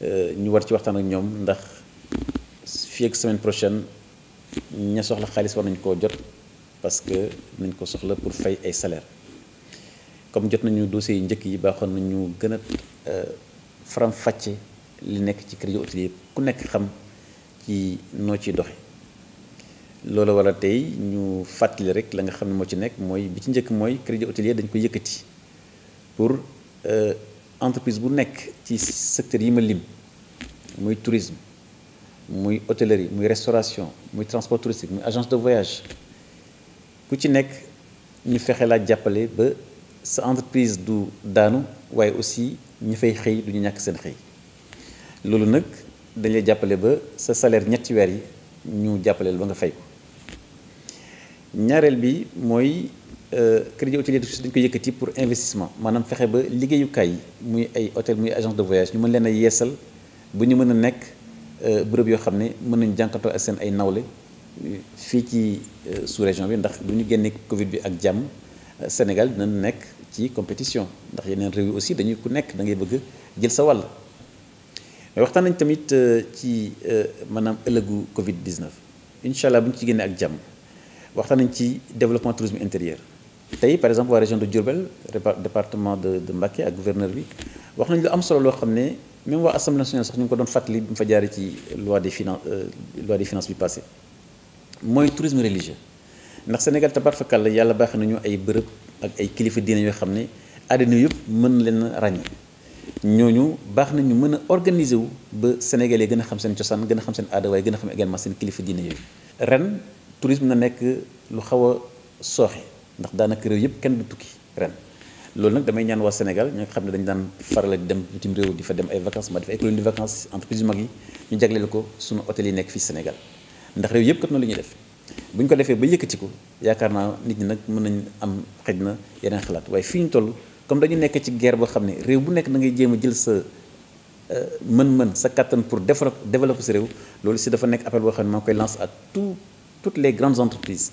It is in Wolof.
Euh, ñu war ci waxtaan ak ñoom ndax fi ak semaine prochaine ña soxla xaalis war nañ koo jot parce que nañ ko soxla pour fay ay salaire comme jot nañu dossiers yi njëkk yi baaxoon nañu gën a euh, faram-fàcce li nekk ci crédit hôtelier ku nekk xam ci noo ciy doxe loolu wala tey ñu fàttali rek la nga xam ne moo ci nekk mooy bi ci njëkk mooy crédit hôtelier dañ ko yëkkati pour euh, entreprise bu nek ci secteur yi ma lim muy tourisme muy hôtellerie muy restauration muy transport touristique muy agence de voyage ku ci nek ñu fexé la jàppale ba sa entreprise du daanu waaye aussi ñi fay xey du ñak seen xey lolu nak dañ lay jàppale ba sa salaire ñetti weer yi ñu jàppaleel ba nga fay ñaarel bi moy euh, crédit hôtelier dañ ko yëkkati pour investissement manam fexé ba liggéeyukaay kay muy ay hôtel muy agence de voyage ñu mën leena yéssal bu ñu mën nek euh bërëb yo xamné ne ñu jankato jànkatoo ak seen ay nawlé euh, fi ci euh, sous-région bi ndax bu ñu génné Covid bi ak jàmm Sénégal dina nek ci compétition ndax yeneen réew aussi dañuy ku nek da ngay bëgg jël sa wal mais waxtaan nañ tamit ci manam ëllëgu Covid 19 inshallah buñ ci génné ak jàmm waxtaan nañ ci développement tourisme intérieur tey par exemple waa région de Diourbel département de de Mbacké ak gouverneur bi wax nañu lu am solo lo xamné même wa assemblée nationale sax ñu ko doon fatali bu fa jari ci loi des finances euh, loi des finances bi passé moy tourisme religieux ndax Sénégal tabaat fakal kala yalla bax nañu ay bërëb ak ay kilifa diine yoo xam ne àddina yëpp mën leen ràññee ñooñu bax nañu mëna organiser wu ba sénégalais gëna xam sen cosaan gëna xam sen adaway gëna gën a xam également seen kilifa diine yooyu ren tourisme na nek lu xawa soxé ndax daanaka réew yëpp kenn du tukki ren loolu nag damay ñaan waa Sénégal ñi nga xam ne faral di dem bitim réew di fa dem ay vacances ma def ay colonie de vacances entreprise yu mag yi ñu ko suñu hôtel yi ndax kat def bu ko defee ba yëkkati ko yaakaar nit ñi mën nañ am xëj na yeneen xalaat waaye fii ñu toll comme dañu nekk ci guerre boo xam ne réew bu nekk da ngay jéem jël sa euh, mën-mën sa kattan pour développer développer sa réew si dafa nekk appel boo xam ne lance à tout toutes les grandes entreprises